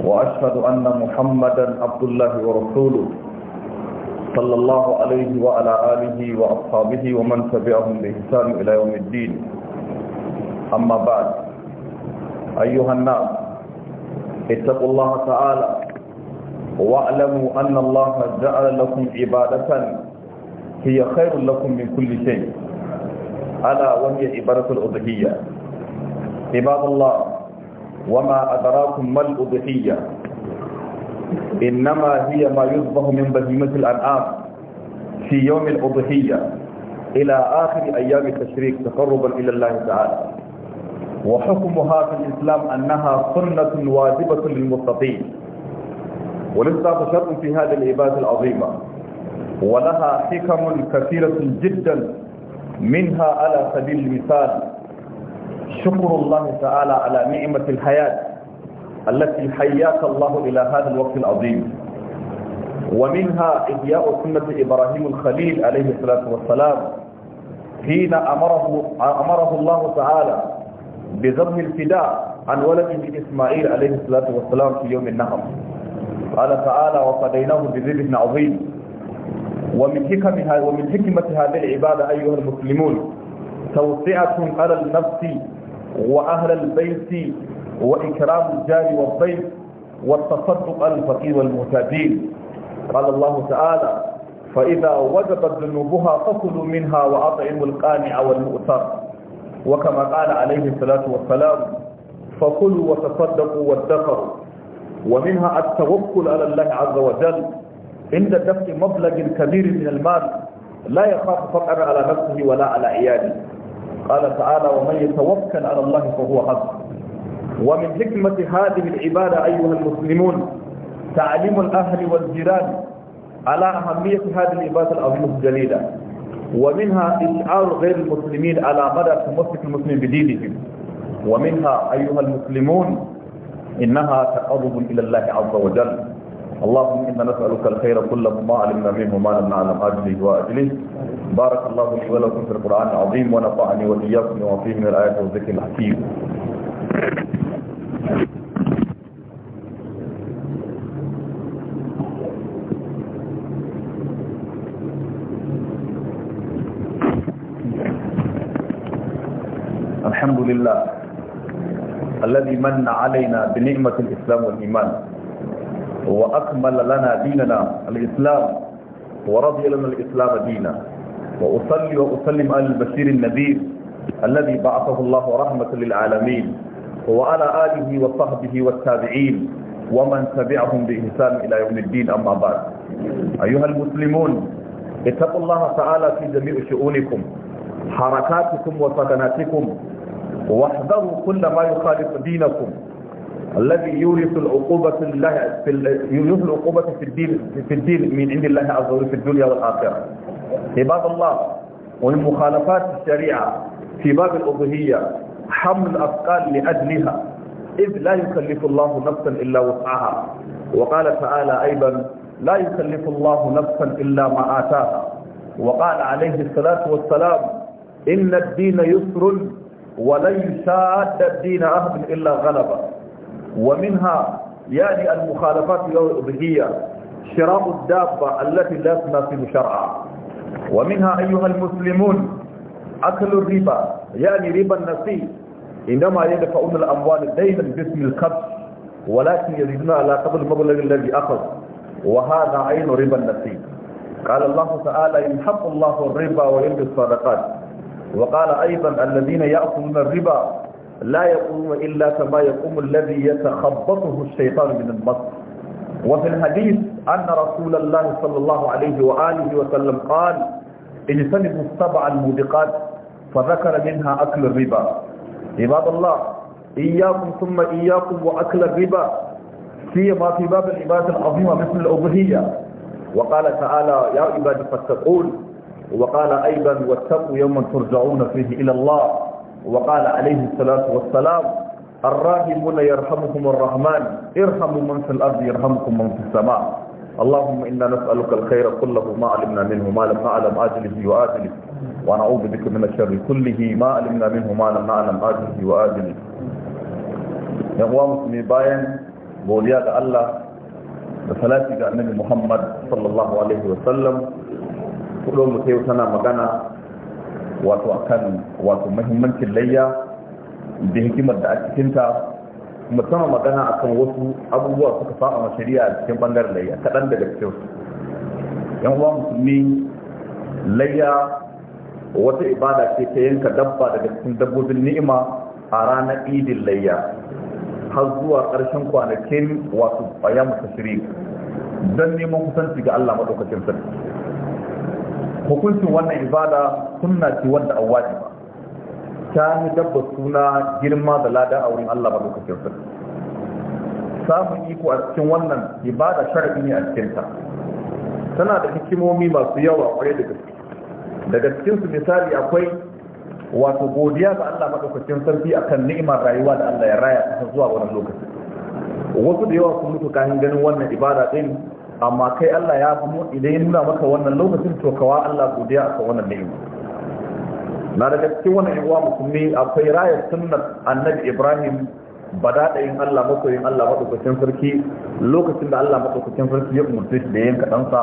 وأشهد أن محمدا عبد الله ورسوله صلى الله عليه وعلى آله وأصحابه ومن تبعهم بإحسان إلى يوم الدين أما بعد أيها الناس اتقوا الله تعالى واعلموا أن الله جعل لكم عبادة هي خير لكم من كل شيء ألا وهي عبادة الأضحية عباد الله وما أدراكم ما الأضحية إنما هي ما يذبح من بهيمة الأنعام في يوم الأضحية إلى آخر أيام التشريك تقربا إلى الله تعالى وحكمها في الإسلام أنها سنة واجبة للمستقيم ولسه شرط في هذه العبادة العظيمة ولها حكم كثيرة جدا منها على سبيل المثال شكر الله تعالى على نعمة الحياة التي حياك الله إلى هذا الوقت العظيم ومنها إحياء سنة إبراهيم الخليل عليه الصلاة والسلام حين أمره, أمره الله تعالى بذبح الفداء عن ولده إسماعيل عليه الصلاة والسلام في يوم النهر قال تعالى وفديناه بذبح عظيم ومن حكمة, ومن حكمة هذه العبادة أيها المسلمون توسعة على النفس وأهل البيت وإكرام الجار والضيف والتصدق الفقير والمتدين قال الله تعالى فإذا وجبت ذنوبها فكلوا منها وأطعموا القانع والمؤثر وكما قال عليه الصلاة والسلام فكلوا وتصدقوا وادخروا ومنها التوكل على الله عز وجل عند دفع مبلغ كبير من المال لا يخاف فقر على نفسه ولا على عياله قال تعالى ومن يتوكل على الله فهو حسبه ومن حكمة هذه العبادة أيها المسلمون تعليم الأهل والجيران على أهمية هذه العبادة العظيمة الجليلة ومنها إشعار غير المسلمين على مدى تمسك المسلمين بدينهم ومنها أيها المسلمون إنها تقرب إلى الله عز وجل اللهم إنا نسألك الخير كله ما علمنا منه ما لم نعلم أجله وأجله بارك الله لي ولكم في القرآن العظيم ونفعني وإياكم بما فيه من الآيات والذكر الحكيم الحمد لله الذي من علينا بنعمة الإسلام والإيمان وأكمل لنا ديننا الإسلام ورضي لنا الإسلام دينا وأصلي وأسلم على البشير النذير الذي بعثه الله رحمة للعالمين وعلى آله وصحبه والتابعين ومن تبعهم بإحسان إلى يوم الدين أما بعد أيها المسلمون اتقوا الله تعالى في جميع شؤونكم حركاتكم وسكناتكم واحذروا كل ما يخالف دينكم الذي يورث العقوبة الله في يورث العقوبة في الدين في الدين من عند الله عز وجل في الدنيا والآخرة عباد الله والمخالفات الشريعة في باب الأضهية حمل الأثقال لأجلها إذ لا يكلف الله نفسا إلا وسعها وقال تعالى أيضا لا يكلف الله نفسا إلا ما آتاها وقال عليه الصلاة والسلام إن الدين يسر ولن يشاد الدين أهد إلا غلبة ومنها يعني المخالفات الأضهية شراء الدابة التي لا تناسب شرعا ومنها أيها المسلمون أكل الربا يعني ربا النسي إنما يدفعون الأموال دينا باسم الخبز ولكن يزيدون على قدر المبلغ الذي أخذ وهذا عين ربا النسي قال الله تعالى يمحق الله الربا ويلبي الصدقات وقال أيضا الذين يأكلون الربا لا يقوم إلا كما يقوم الذي يتخبطه الشيطان من المص وفي الحديث أن رسول الله صلى الله عليه وآله وسلم قال اجتنبوا السبع الموبقات فذكر منها أكل الربا عباد الله إياكم ثم إياكم وأكل الربا فيما في باب العبادة العظيمة مثل الأضحية وقال تعالى يا عباد فاتقون وقال أيضا واتقوا يوما ترجعون فيه إلى الله وقال عليه الصلاة والسلام الراحمون يرحمكم الرحمن ارحموا من في الأرض يرحمكم من في السماء اللهم إنا نسألك الخير كله ما علمنا منه ما لم نعلم آجله وآجله ونعوذ بك من الشر كله ما علمنا منه ما لم نعلم آجله وآجله يقوى مسلمي باين بولياء الله بثلاثة النبي محمد صلى الله عليه وسلم كلهم متيوتنا مغانا واتو أكان واتو مهمنك الليا بهكمة أكتنتا musamman magana akan wasu abubuwa suka fa'a ma shari'a a cikin bangaren layya kaɗan daga cikin su yan uwa musulmi layya wata ibada ce ta yanka dabba daga cikin dabbobin ni'ima a ranar idin layya har zuwa ƙarshen kwanakin wato ƙwaya mutasiri don neman kusanci ga Allah maɗaukacin sarki hukuncin wannan ibada sunna ce wanda an wajiba ta yi dabba suna girma da lada a wurin Allah maɗaukakin sarki samun iko a cikin wannan ibada sharaɗi ne a cikinta tana da hikimomi masu yawa kwarai da gaske daga cikinsu misali akwai wato godiya ga Allah maɗaukakin a akan ni'imar rayuwa da Allah ya raya ta zuwa wani lokaci. wasu da yawa sun mutu kafin ganin wannan ibada ɗin amma kai Allah ya idan ya nuna maka wannan lokacin to kawa Allah godiya kan wannan ni'ima na daga cikin wannan uwa musulmi akwai rayar sunnar annabi ibrahim badaɗayin Allah masoyin Allah maɗaukacin sarki lokacin da Allah maɗaukacin sarki ya umarce shi da yanka ɗansa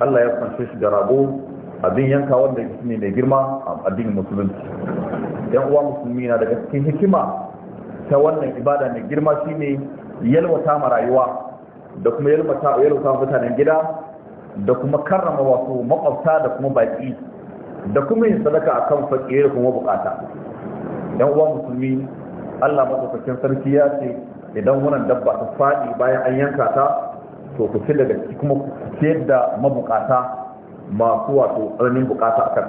Allah ya kwanshe shi da rago abin yanka wanda ya ne mai girma a addinin musulunci yan uwa musulmi na daga cikin hikima ta wannan ibada mai girma shine yalwata ma rayuwa da kuma yalwata yalwata mutanen gida da kuma karrama wasu makwabta da kuma baƙi da kuma yin sadaka a kan fakire da kuma bukata idan uwa musulmi Allah madaukakin sarki ya ce idan wannan dabba ta faɗi bayan an yanka ta to ku fi daga kuma ku ciyar da mabukata masu wato tsananin bukata akan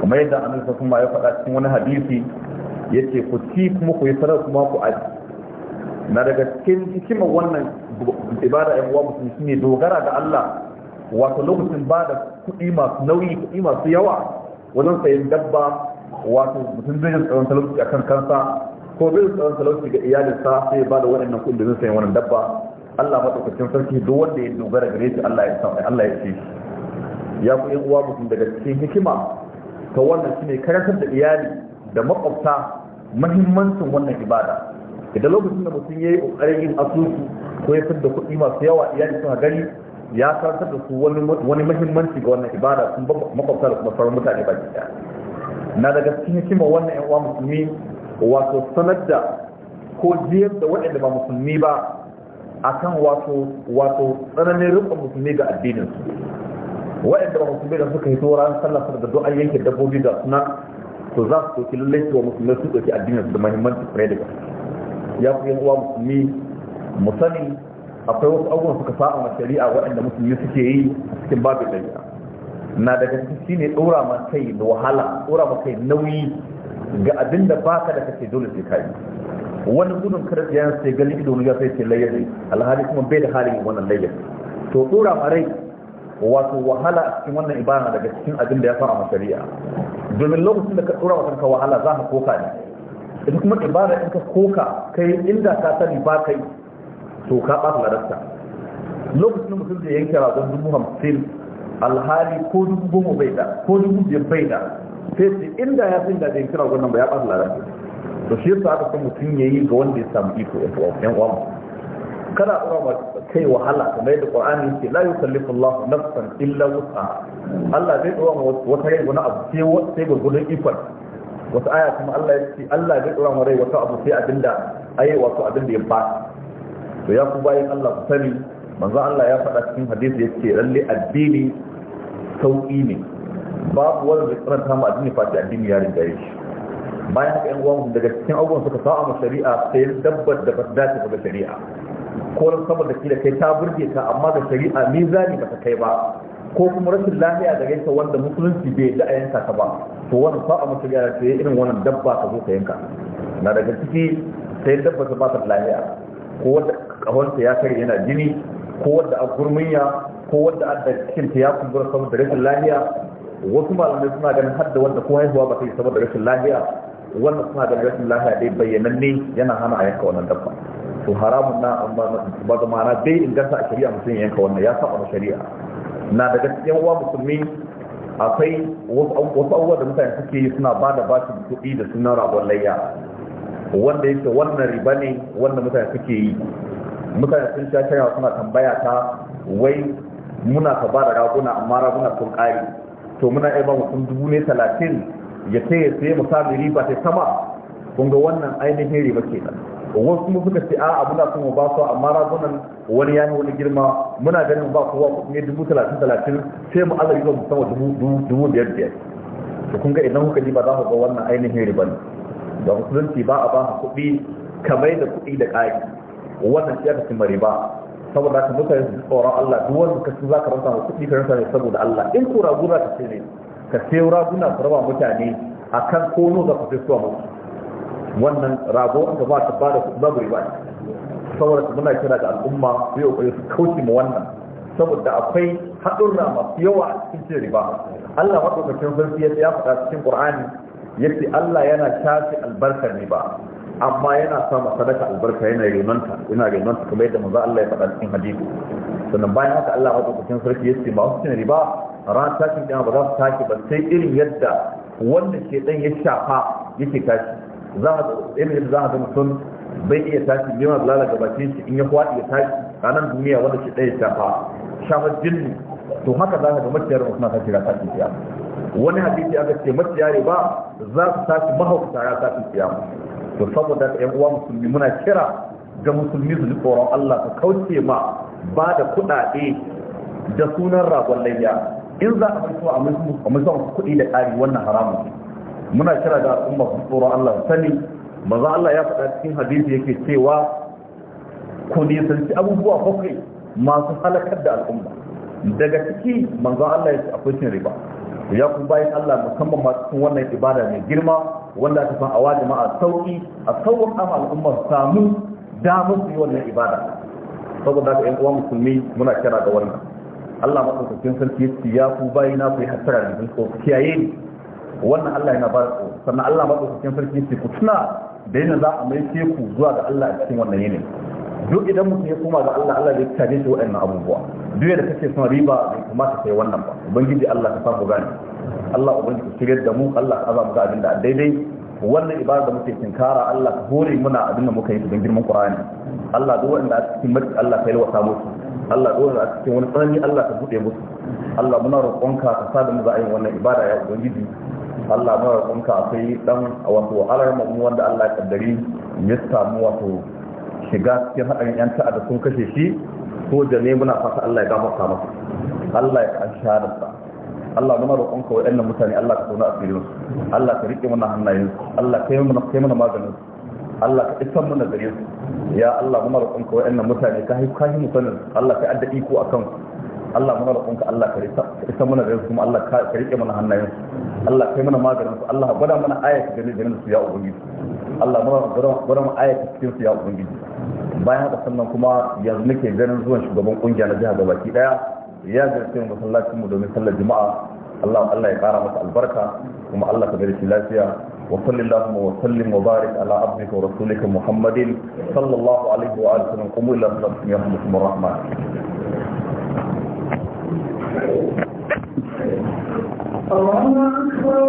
kamar yadda an sallallahu kuma ya faɗa cikin wani hadisi ya ce ku ci kuma ku yi sanar kuma ku aji na daga cikin hikimar wannan ibada ɗan uwa musulmi shine dogara ga Allah wato lokacin ba da kuɗi masu nauyi kuɗi masu yawa wajen sayan dabba wato mutum zai tsaron talauci kan kansa ko zai tsaron talauci ga iyalinsa sai ba da waɗannan kuɗi domin sayan wannan dabba Allah maɗaukakin sarki duk wanda ya dogara gare shi Allah ya san Allah ya ce ya ku yan uwa mutum daga cikin hikima ta wannan shine karantar da iyali da makwabta mahimmancin wannan ibada idan lokacin da mutum ya yi ƙoƙarin yin asusu ko ya fitar da kuɗi masu yawa iyali suna gani ya karantar da su wani mahimmanci ga wannan ibada sun makwabta da kuma sauran mutane ba ke na daga cikin hikima wannan yan uwa musulmi wato sanar da ko jiyar da waɗanda ba musulmi ba akan wato wato tsananin rufe musulmi ga addinin su waɗanda ba musulmi da suka hito ran sallah da do'a yanke dabbobi da suna to za su ɗauki lallai wa musulmi su ɗauki addinin su da muhimmanci kwarai da gaske ya fi yan uwa musulmi mu sani akwai wasu abubuwan suka sa'a a shari'a waɗanda musulmi suke yi a cikin babu shari'a na daga cikin shine ɗora ma kai da wahala ɗora ma kai nauyi ga abin da baka da kake dole sai yi wani gudun kada ya sai gani likido ya sai ce layyari alhali kuma bai da halin wannan layyari to ɗora ma rai wato wahala a cikin wannan ibana daga cikin abin da ya fara ma shari'a domin lokacin da ka ɗora wa kanka wahala za ka koka ne ita kuma ibada in ka koka kai inda ka sani ba kai to ka ɓata ladarsa lokacin da mutum zai yanke ragon dubu hamsin alhali ko dubu goma bai da ko dubu biyar bai da sai ce inda ya fi da yanke ragon nan ba ya ɓata ladarsa to shi yasa aka san mutum ya yi ga wanda ya samu iko yan uwa kada a tsara kai wahala kamar yadda qur'ani ce, layu sallifu Allahu nafsan illa wus'aha Allah zai tsara wata rai wani abu sai gurgudun ikon wata aya kuma Allah ya ce Allah zai tsara rai wata abu sai abinda a yi wasu abinda ya ba To ya ku bayin Allah ku sani manzo Allah ya faɗa cikin hadisi yace lalle addini sauki ne babu wanda zai karanta mu addini fa ta addini ya rinda shi bayan haka ɗan uwan daga cikin abubuwan suka sa'a mu shari'a sai dabbar da ba ta dace ba shari'a ko saboda kila kai ta burge ka amma da shari'a ni ba ta kai ba ko kuma rashin lafiya da gaisa wanda musulunci bai da yanka ka ba to wannan sa'a shari'a ya ce irin wannan dabba ka zo ka yanka na daga ciki sai dabba ta ba ta lafiya ko wanda kahonta ya kare yana jini ko wadda a gurminya ko wadda a da cikinta ya kumbura saboda rashin lahiya. wasu malamai suna ganin har da wanda ko haihuwa ba ta yi saboda rashin lahiya. wannan suna ganin rashin lahiya dai bayyananne yana hana a yanka wannan dabba to haramun na amma ba da ma'ana dai inganta a shari'a mutum ya yanka wannan ya saba shari'a na daga cikin uwa musulmi akwai wasu abubuwa da mutane suke yi suna ba da bashin kuɗi da sunan ragon layya wanda yake wannan riba ne wanda mutane suke yi mutane sun sha shaya suna tambaya ta wai muna ka ba da raguna amma raguna sun ƙari to muna iya ba mutum dubu ne talatin ya ce ya sai misali riba ta sama kun ga wannan ainihin riba ke nan wasu mu suka ce a muna na kuma ba su amma ragunan wani ya wani girma muna ganin ba kowa ne dubu talatin talatin sai mu azari ba mu sama dubu biyar biyar to kun ga idan kuka ba za ku ga wannan ainihin riba ne da musulunci ba a ba kuɗi kamar da kuɗi da ƙari wannan ya aka cimma riba saboda ka mutane su tsoron Allah duk wanda ka sun zaka rasa kuɗi ka rasa ne saboda Allah in ko raguna ka ce ne ka sai raguna ku raba mutane a kan kono za ku sai suwa musu wannan rago aka ba ta ba da babu riba saboda muna kira ga al'umma su yi ƙoƙari su kauce ma wannan saboda akwai haɗurra masu yawa a cikin cin riba Allah maɗaukakin sarki ya faɗa cikin Qur'ani yace Allah yana shafi albarkar riba amma yana sa masa sadaka albarka yana rimanta yana rimanta kamar yadda maza Allah ya faɗa cikin hadisi sannan bayan haka Allah ya faɗa cikin sarki yace ba su riba ran tashin kiyama ba za su tashi ba sai irin yadda wanda ke dan ya shafa yake tashi za a irin yadda za a ga mutum bai iya tashi bai ma lalata bakin shi in ya kwaɗi ya tashi ranar duniya wanda ke ɗaya shafa shafa jinni to haka za ka ga maciyar suna tashi ra tashi kiyama wani hadisi aka ce maciyar ba za su tashi mahaukata ya tashi kiyama to saboda yan uwa musulmi muna kira ga musulmi su ji tsoron Allah su kauce ma ba da kuɗaɗe da sunan ragon layya in za a fito a musamman kuɗi da ƙari wannan haramun muna kira ga al'umma su tsoron Allah sani maza Allah ya faɗa cikin hadisi yake cewa ku nisanci abubuwa bakwai masu halakar da al'umma daga ciki manzo Allah ya ce akwai cin riba ya bayan Allah musamman masu cikin wannan ibada mai girma wanda aka san awa jama'a sauki a sauƙin ama al'umma samu damar su yi wannan ibada saboda aka ƴan uwa musulmi muna kira ga wannan Allah maɗaukakin sarki ya ce ya ku bayi na ku yi hasara da jin kiyaye ni wannan Allah yana ba tsoro sannan Allah maɗaukakin sarki ya ce ku tuna da yana za a mai ku zuwa ga Allah a cikin wannan yanayi duk idan mutum ya koma ga Allah Allah zai tare shi waɗannan abubuwa duk da kake son riba bai kamata kai wannan ba ubangiji Allah ka samu gani Allah ubangiji shigar da mu Allah ka mu ga abin da daidai wannan ibada da muke tinkara Allah ka hore muna abin da muka yi don girman Qur'ani Allah duk wanda a cikin mutum Allah ka yi wa samu Allah duk wanda a cikin wani tsanani Allah ka bude musu Allah muna roƙonka ka sa da mu za a yi wannan ibada ya ubangiji Allah muna roƙonka akwai dan wato mu wanda Allah ya kaddari ya samu wato shiga cikin haɗarin yan ta'adda sun kashe shi ko da ne muna fata Allah ya gafarta masa Allah ya kan sa Allah nuna roƙon ka waɗannan mutane Allah ka tona asirin su Allah ka riƙe mana hannayen su Allah ka yi mana kai mana maganin su Allah ka isan mana gare su ya Allah nuna roƙon ka waɗannan mutane ka yi kashi mu sanin Allah ka adda iko akan su Allah muna roƙon ka Allah ka isar mana gare su kuma Allah ka riƙe mana hannayen su Allah ka yi mana maganin su Allah gwada mana ayati gare da su ya ubangiji Allah bura mu ayata cikin su ya ubangiji bayan haka sannan kuma yanzu nake ganin zuwan shugaban kungiya na jihar gabaki daya ya zarce mu masallacin mu domin sallar juma'a Allah Allah ya kara masa albarka kuma Allah ka gari shi lafiya وصل اللهم وسلم وبارك على عبدك ورسولك محمد صلى الله عليه وآله وسلم قوموا إلى صلاة يرحمكم الرحمن الله أكبر